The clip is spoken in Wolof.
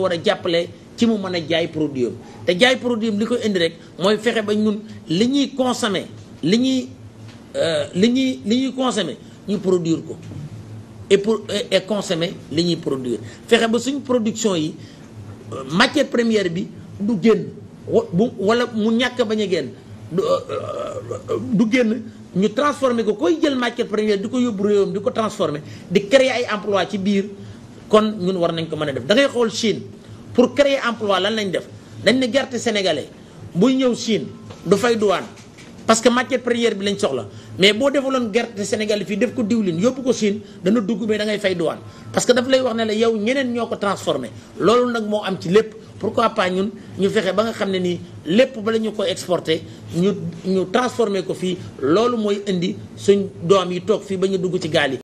ko war a jàppale ci mu mën a jaay produit am te jaay produit am li ko indi rek mooy fexe ba ñun li ñuy consommer li ñuy euh, li ñuy li ñuy consommer ñu produire ko et pour et consommer li ñuy produir fexe ba suñ production yi euh, matière première bi du génn bu wala mu ñàkk bañ a génn euh, du génn ñu transformer ko koy jël matière première di ko yóbbu réewam di ko transformer di créer ay emploi ci biir kon ñun war nañ ko mën a def da ngay xool Chine pour créer emploi lan lañ def dañ ne gerte sénégalais buy ñëw Chine du fay douane parce que matière première bi lañ soxla mais boo defaloon gerte sénégalais fii def ko diwlin yóbbu ko Chine dana dugg mais da fay douane parce que daf lay wax ne la yow ñeneen ñoo ko transformé loolu nag moo am ci lépp pour pourquoi pas ñun ñu fexe ba nga xam ne nii lépp bala ñu ko exporté ñu ñu transformé ko fii loolu mooy indi suñ doom yi toog fii ba ñu dugg ci gaal yi